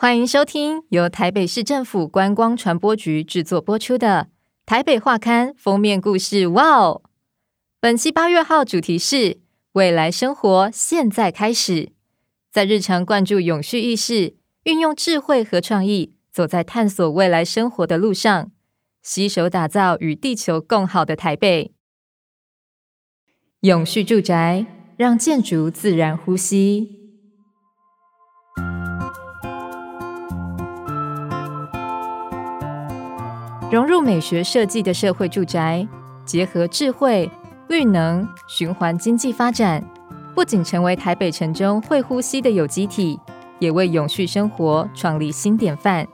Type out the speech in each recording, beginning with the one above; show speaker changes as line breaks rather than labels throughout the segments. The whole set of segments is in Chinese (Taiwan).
歡迎收聽由台北市政府觀光傳播局制作播出的《台北畫刊》封面故事。哇哦！本期八月號主題是“未來生活現在開始”。在日常灌注永續意識，運用智慧和創意，走在探索未來生活的路上，攜手打造與地球共好的台北。永續住宅，讓建築自然呼吸。融入美學設計的社會住宅，結合智慧、綠能、循環經濟發展，不僅成為台北城中會呼吸的有機體，也為永續生活創立新典範。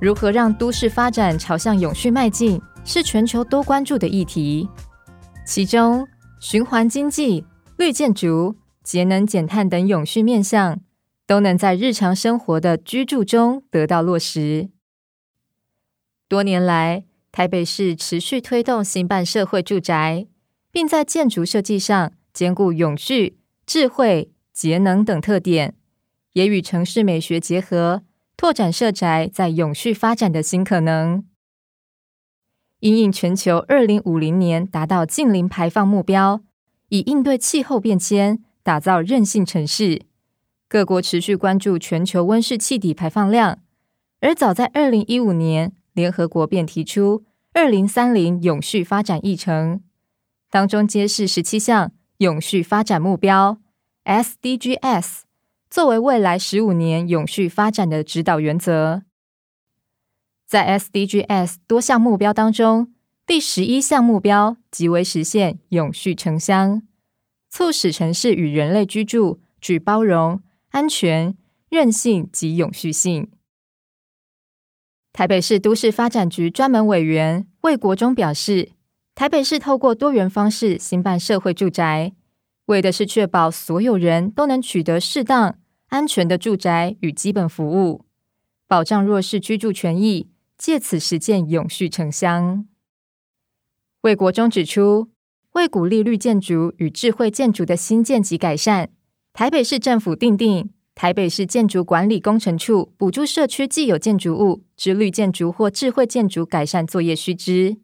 如何讓都市發展朝向永續邁進，是全球都關注的議題。其中，循環經濟、綠建築、節能減碳等永續面向，都能在日常生活的居住中得到落實。多年來，台北市持續推動興辦社會住宅，並在建築設計上兼顧永續、智慧、節能等特點，也與城市美學結合，拓展社宅在永續發展的新可能。因應全球二零五零年達到近零排放目標，以應對氣候變遷，打造韌性城市。各國持續關注全球溫室氣體排放量，而早在二零一五年，聯合國便提出《二零三零永續發展議程》，當中揭示十七項永續發展目標 （SDGs） 作為未來十五年永續發展的指導原則。在 SDGs 多項目標當中，第十一項目標即為實現永續城鄉，促使城市與人類居住具包容、安全、韌性及永續性。台北市都市發展局專門委員魏國忠表示，台北市透過多元方式興辦社會住宅，為的是確保所有人都能取得適當、安全的住宅與基本服務，保障弱勢居住權益，借此實踐永續城鄉。魏國忠指出，為鼓勵綠建築與智慧建築的新建及改善，台北市政府訂定，定。台北市建築管理工程處補助社區既有建築物之綠建築或智慧建築改善作業須知，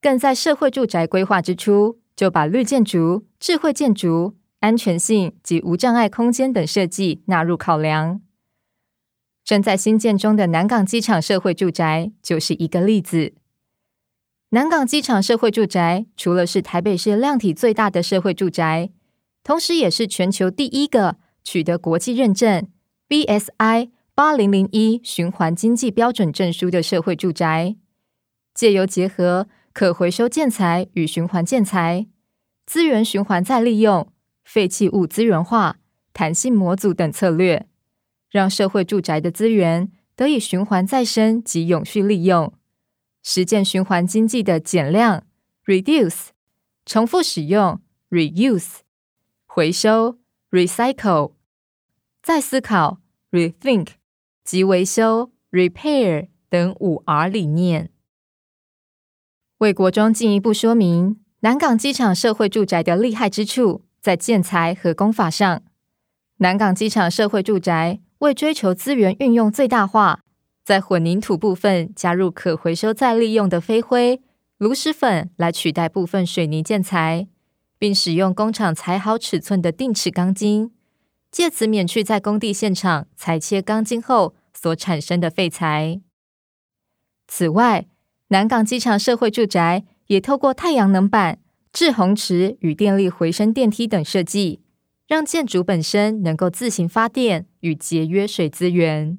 更在社會住宅規劃之初就把綠建築、智慧建築、安全性及無障礙空間等設計納入考量。正在新建中的南港機場社會住宅就是一個例子。南港機場社會住宅除了是台北市量體最大的社會住宅，同時也是全球第一個。取得國際認證 BSI 八零零一循環經濟標準證書的社會住宅，借由結合可回收建材與循環建材、資源循環再利用、廢棄物資源化、彈性模組等策略，讓社會住宅的資源得以循環再生及永續利用，實踐循環經濟的減量 （Reduce）、Reduce, 重複使用 （Reuse）、Reuse, 回收 （Recycle）。Recycle, 再思考、rethink 及維修、repair 等五 R 理念。魏國忠進一步說明，南港機場社會住宅的厲害之處在建材和工法上。南港機場社會住宅為追求資源運用最大化，在混凝土部分加入可回收再利用的飛灰、爐石粉來取代部分水泥建材，並使用工廠裁好尺寸的定尺鋼筋。借此免去在工地現場裁切鋼筋後所產生的廢材。此外，南港機場社會住宅也透過太陽能板、滯洪池與電力回生電梯等設計，讓建築本身能夠自行發電與節約水資源。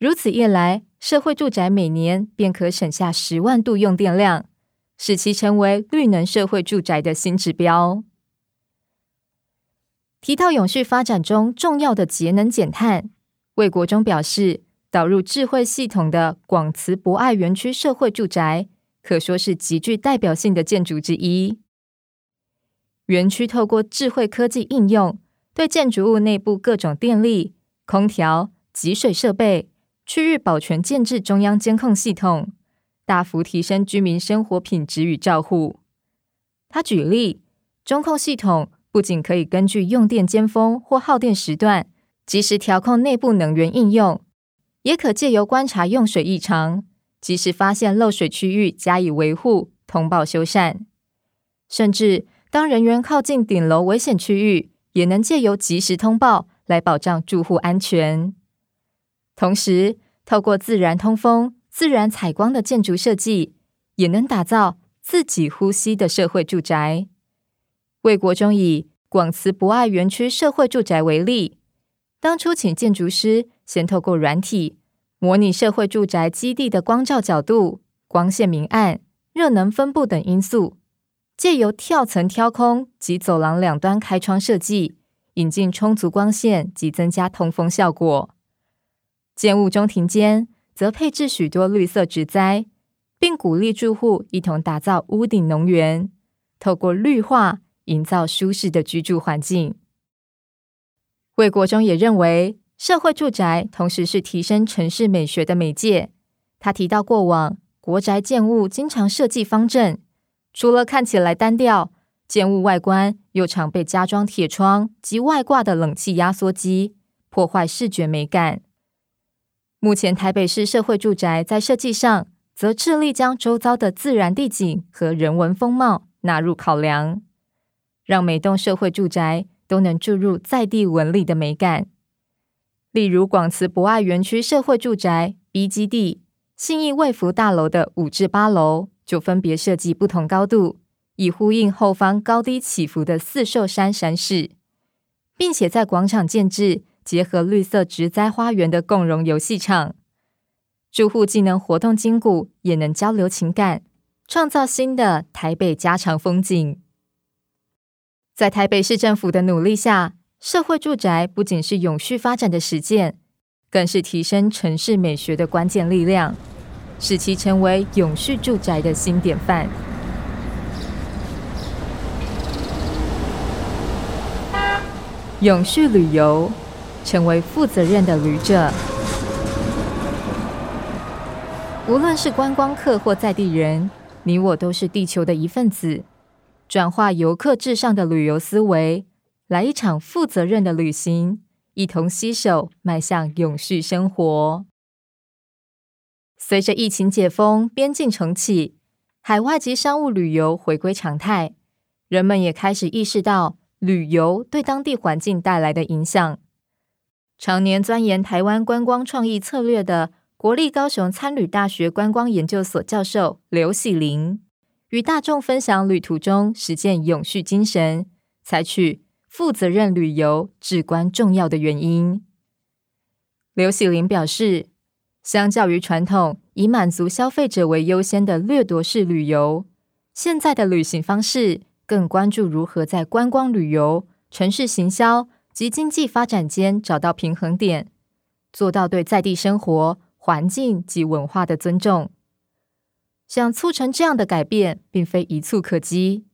如此一來，社會住宅每年便可省下十萬度用電量，使其成為綠能社會住宅的新指標。提到永續發展中重要的節能減碳，魏國忠表示，導入智慧系統的廣慈博愛園區社會住宅，可說是極具代表性的建築之一。園區透過智慧科技應用，對建築物內部各種電力、空調、給水設備、區域保全建置中央監控系統，大幅提升居民生活品質與照護。他舉例，中控系統，不僅可以根據用電尖峰或耗電時段及時調控內部能源應用，也可借由觀察用水異常，及時發現漏水區域加以維護通報修繕。甚至當人員靠近頂樓危險區域，也能借由及時通報來保障住戶安全。同時，透過自然通風、自然採光的建築設計，也能打造自己呼吸的社會住宅。魏國忠以廣慈博愛園區社會住宅為例，當初請建築師先透過軟體模擬社會住宅基地的光照角度、光線明暗、熱能分布等因素，借由跳層挑空及走廊兩端開窗設計，引進充足光線及增加通風效果。建物中庭間則配置許多綠色植栽，並鼓勵住戶一同打造屋頂農園，透過綠化。營造舒適的居住環境。魏國忠也認為，社會住宅同時是提升城市美學的媒介。他提到，過往國宅建物經常設計方正，除了看起來單調，建物外觀又常被加裝鐵窗及外掛的冷氣壓縮機，破壞視覺美感。目前台北市社會住宅在設計上，則致力將周遭的自然地景和人文風貌納入考量。讓每棟社會住宅都能注入在地紋理的美感，例如廣慈博愛園區社會住宅 B 基地信義衛福大樓的五至八樓，就分別設計不同高度，以呼應後方高低起伏的四獸山山勢，並且在廣場建置結合綠色植栽花園的共融遊戲場，住戶既能活動筋骨，也能交流情感，創造新的台北家常風景。在台北市政府的努力下，社會住宅不僅是永續發展的實踐，更是提升城市美學的關鍵力量，使其成為永續住宅的新典範。永續旅遊，成為負責任的旅者。無論是觀光客或在地人，你我都是地球的一份子。轉化遊客至上的旅遊思維，來一場負責任的旅行，一同攜手邁向永續生活。隨着疫情解封、邊境重啟、海外及商務旅遊回歸常態，人們也開始意識到旅遊對當地環境帶來的影響。常年鑽研台灣觀光創意策略的國立高雄餐旅大學觀光研究所教授劉喜臨，與大眾分享旅途中實踐永續精神，採取負責任旅遊至關重要的原因。劉喜玲表示，相較於傳統以滿足消費者為優先的掠奪式旅遊，現在的旅行方式更關注如何在觀光旅遊、城市行銷及經濟發展間找到平衡點，做到對在地生活、環境及文化的尊重。想促成這樣的改變，並非一蹴可幾。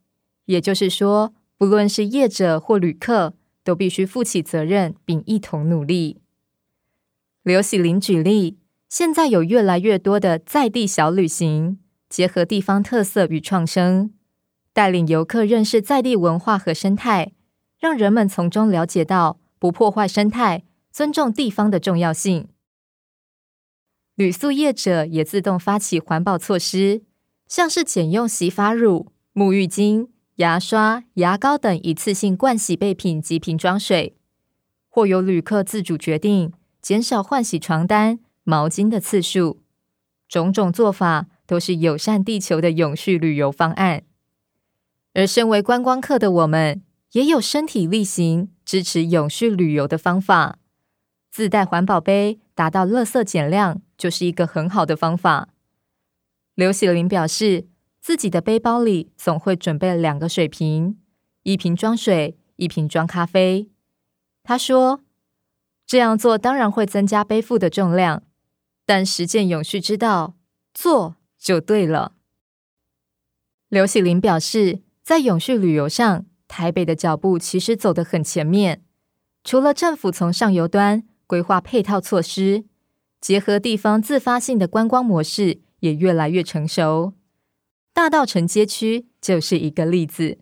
也就是說，不論是業者或旅客，都必須負起責任，並一同努力。劉喜林舉例，現在有越來越多的在地小旅行，結合地方特色與創生，帶領遊客認識在地文化和生態，讓人們從中了解到不破壞生態、尊重地方的重要性。旅宿業者也自動發起環保措施，像是減用洗髮乳、沐浴精、牙刷、牙膏等一次性盥洗備品及瓶裝水，或由旅客自主決定減少換洗床單、毛巾的次數。種種做法都是友善地球的永續旅遊方案。而身為觀光客的我們，也有身體力行支持永續旅遊的方法：自帶環保杯。達到垃圾減量就是一個很好的方法。劉喜林表示，自己的背包裡總會準備兩個水瓶，一瓶裝水，一瓶裝咖啡。他說，這樣做當然會增加背負的重量，但實踐永續之道，做就對了。劉喜林表示，在永續旅遊上，台北的腳步其實走得很前面，除了政府從上游端，規劃配套措施，結合地方自發性的觀光模式也越來越成熟。大稻埕街區就是一個例子。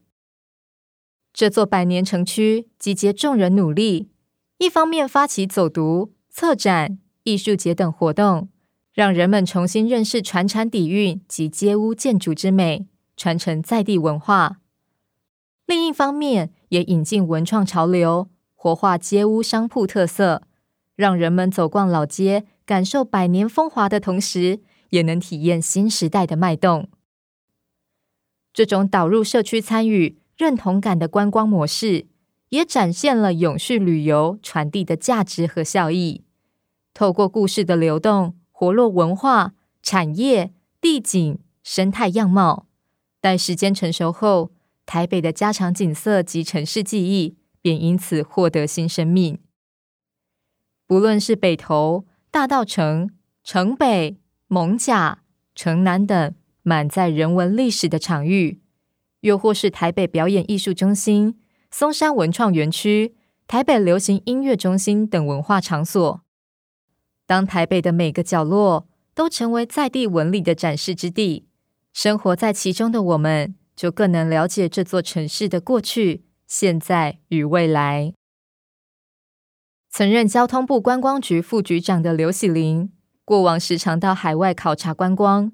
這座百年城區集結眾人努力，一方面發起走讀、策展、藝術節等活動，讓人們重新認識傳產底蘊及街屋建築之美，傳承在地文化；另一方面也引進文創潮流，活化街屋商鋪特色。讓人們走逛老街，感受百年風華的同時，也能體驗新時代的脈動。這種導入社區參與、認同感的觀光模式，也展現了永續旅遊傳遞的價值和效益。透過故事的流動，活絡文化、產業、地景、生態樣貌。待時間成熟後，台北的家常景色及城市記憶便因此獲得新生命。無論是北投、大稻埕、城北、艋舺、城南等滿載人文歷史的場域，又或是台北表演藝術中心、松山文創園區、台北流行音樂中心等文化場所，當台北的每個角落都成為在地紋理的展示之地，生活在其中的我們就更能了解這座城市的過去、現在與未來。曾任交通部觀光局副局長的劉喜林，過往時常到海外考察觀光，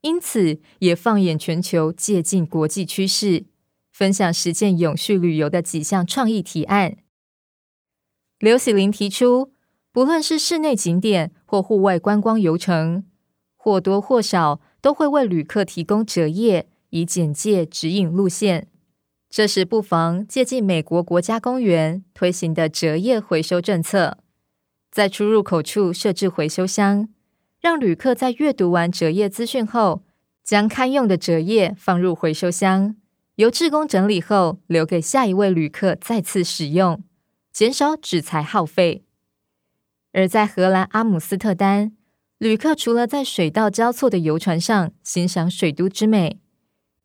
因此也放眼全球，借鏡國際趨勢，分享實踐永續旅遊的幾項創意提案。劉喜林提出，不論是室內景點或戶外觀光遊程，或多或少都會為旅客提供折頁，以簡介指引路線。這時不妨借鑑美國國家公園推行的折頁回收政策，在出入口處設置回收箱，讓旅客在閱讀完折頁資訊後，將堪用的折頁放入回收箱，由志工整理後留給下一位旅客再次使用，減少紙材耗費。而在荷蘭阿姆斯特丹，旅客除了在水道交錯的遊船上欣賞水都之美。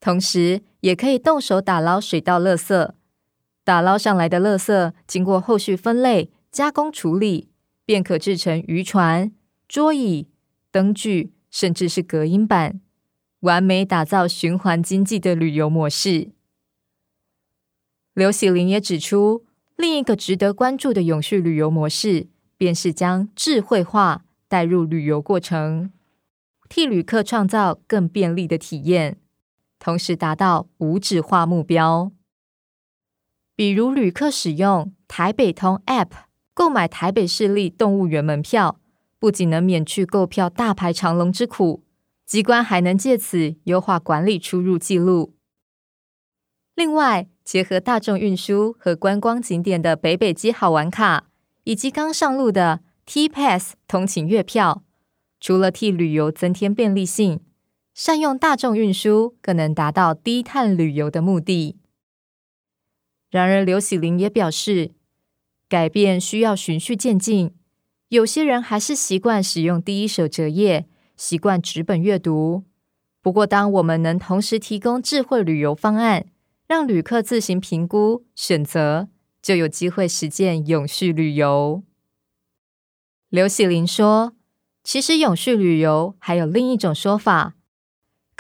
同時，也可以動手打撈水道垃圾。打撈上來的垃圾，經過後續分類、加工處理，便可制成漁船、桌椅、燈具，甚至是隔音板，完美打造循環經濟的旅遊模式。劉喜林也指出，另一個值得關注的永續旅遊模式，便是將智慧化帶入旅遊過程，替旅客創造更便利的體驗。同時達到無紙化目標，比如旅客使用台北通 App 購買台北市立動物園門票，不僅能免去購票大排長龍之苦，機關還能借此優化管理出入記錄。另外，結合大眾運輸和觀光景點的北北基好玩卡，以及剛上路的 T-Pass 通勤月票，除了替旅遊增添便利性，善用大眾運輸，更能達到低碳旅遊的目的。然而，劉喜林也表示，改變需要循序漸進。有些人還是習慣使用第一手折頁，習慣紙本閱讀。不過，當我們能同時提供智慧旅遊方案，讓旅客自行評估選擇，就有機會實踐永續旅遊。劉喜林說：“其實，永續旅遊還有另一種說法。”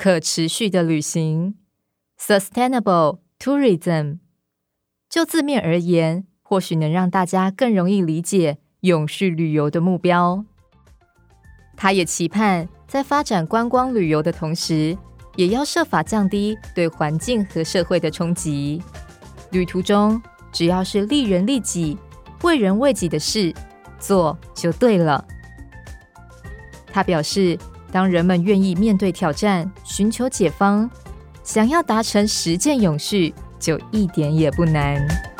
可持續的旅行 （sustainable tourism） 就字面而言，或許能讓大家更容易理解永續旅遊的目標。他也期盼在發展觀光旅遊的同時，也要設法降低對環境和社會的衝擊。旅途中只要是利人利己、為人為己的事，做就對了，他表示。當人們願意面對挑戰，尋求解方，想要達成實踐永續，就一點也不難。